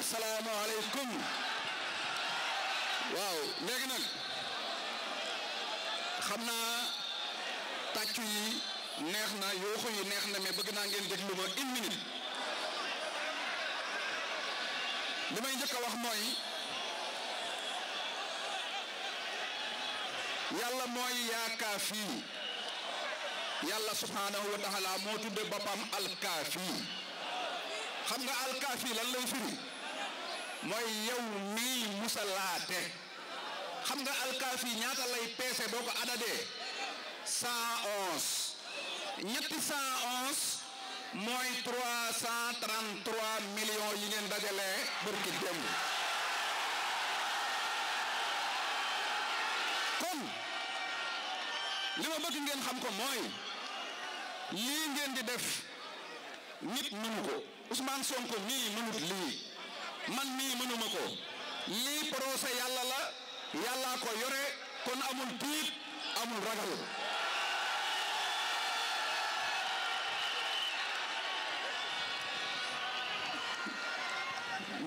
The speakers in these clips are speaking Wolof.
asalaamaaleykum waaw léegi nag xam naa tàccu yi neex na yooxu yi neex na mais bëgg naa ngeen déglu ma une minute li may wax mooy yàlla mooy yaakaar yàlla subhaanahu wa taala moo tudde boppam alkaafi xam nga alkaafi lan lay firi mooy yow mii musalaate xam nga alkaafi ñaata lay peese boo ko adadee cent onze ñetti cent onze mooy trois cent trente-trois millions yi ngeen dajalee li ma bëgg ngeen xam ko mooy lii ngeen di def nit mënu ko Ousmane Sonko mii mënut lii man mii mënuma ko lii procès yàlla la yàllaa ko yore kon amul tiit amul ragal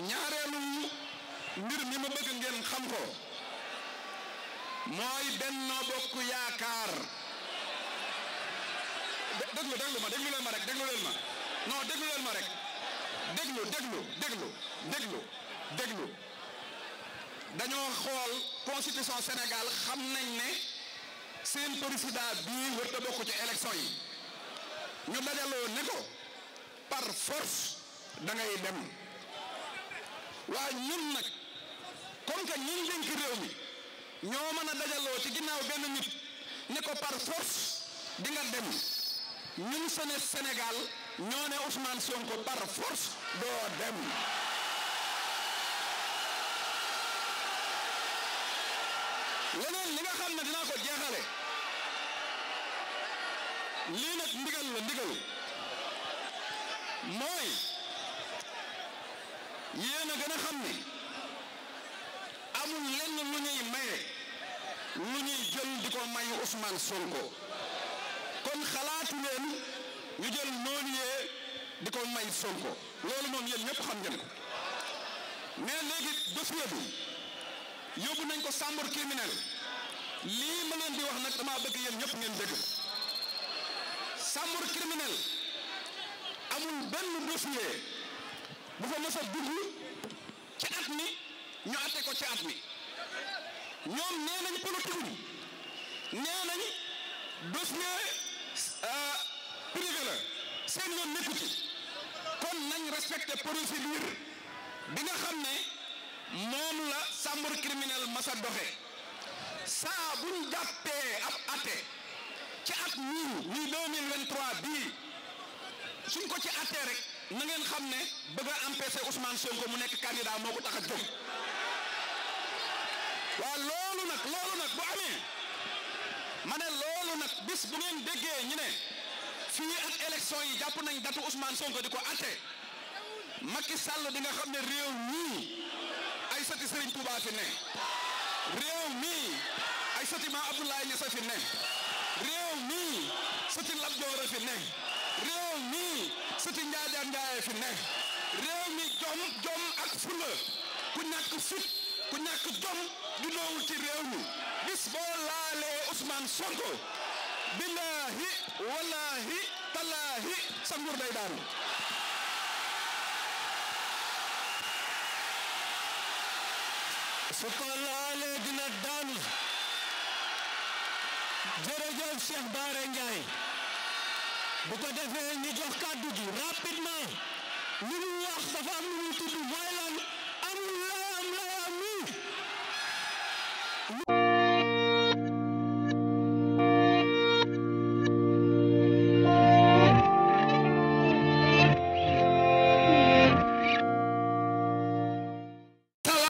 ñaareelu mbir mi ma bëgg ngeen xam ko mooy Benno Bokk Yaakaar déglu déglu ma déglu leen ma rek déglu leen ma non déglu ma rek déglu déglu déglu déglu déglu dañoo xool constitution Sénégal xam nañ ne seen président bii wërta bokk ci élection yi ñu dajaloo ne ko par force da ngay dem waaye ñun nag comme que ñun dénk réew mi ñoo mën a dajaloo ci ginnaaw benn nit ne ko par force di dem ñun sene Sénégal ñoo ne Ousmane Sonko par force doo dem leneen li nga xam ne dinaa ko jeexale lii nag ndigal la ndigal mooy yéen gën a xam ni amul lenn lu ñuy maye lu ñuy jël di ko may Ousmane Sonko kon xalaatu leen ñu jël noonu yee di ko may Sonko loolu moom yéen ñëpp xam ngeen ko mais léegi dossier bi yóbbu nañ ko chambre criminelle lii ma leen bi wax nag dama bëgg yéen ñëpp ngeen dégg chambre criminelle amul benn dossier bu fa mës a dugg mi. ñu atte ko ci at mi ñoom nee nañ politique bi nee nañ dossier euh, privé la seen yoon nekku ci kon nañ respecté procédure bi nga xam ne moom la chambre criminelle masa doxe saa bu ñu jàppee ab atte ci at mii ñuy 2023 suñ ko ci attee rek na ngeen xam ne bëgg a empêcher Ousmane Sonko mu nekk candidat moo ko tax a jóg waaw loolu nag loolu nag bu amee ma ne loolu nag bis bu ngeen déggee ñu ne fii ak élection yi jàpp nañ datu Ousmane Sonko di ko atte Macky Sall di nga xam ne réew mii ay sati Serigne Touba fi Ma Abdoulaye Niass fi ne réew mii sati Lat Dior fi ne réew mi siti njaajaan njaay fi ne réew mi jom jom ak fula ku ñàkk fit ku ñàkk jom du ci réew mi bis boo Sonko billaahi wallaahi tallaahi sa nguur day daanu su dina daanu jërëjëf Cheikh Bara Ndiaye bu ko defee ñu jox kàddu gi rapidement lu mu wax dafa am lu mu tudd mooy lan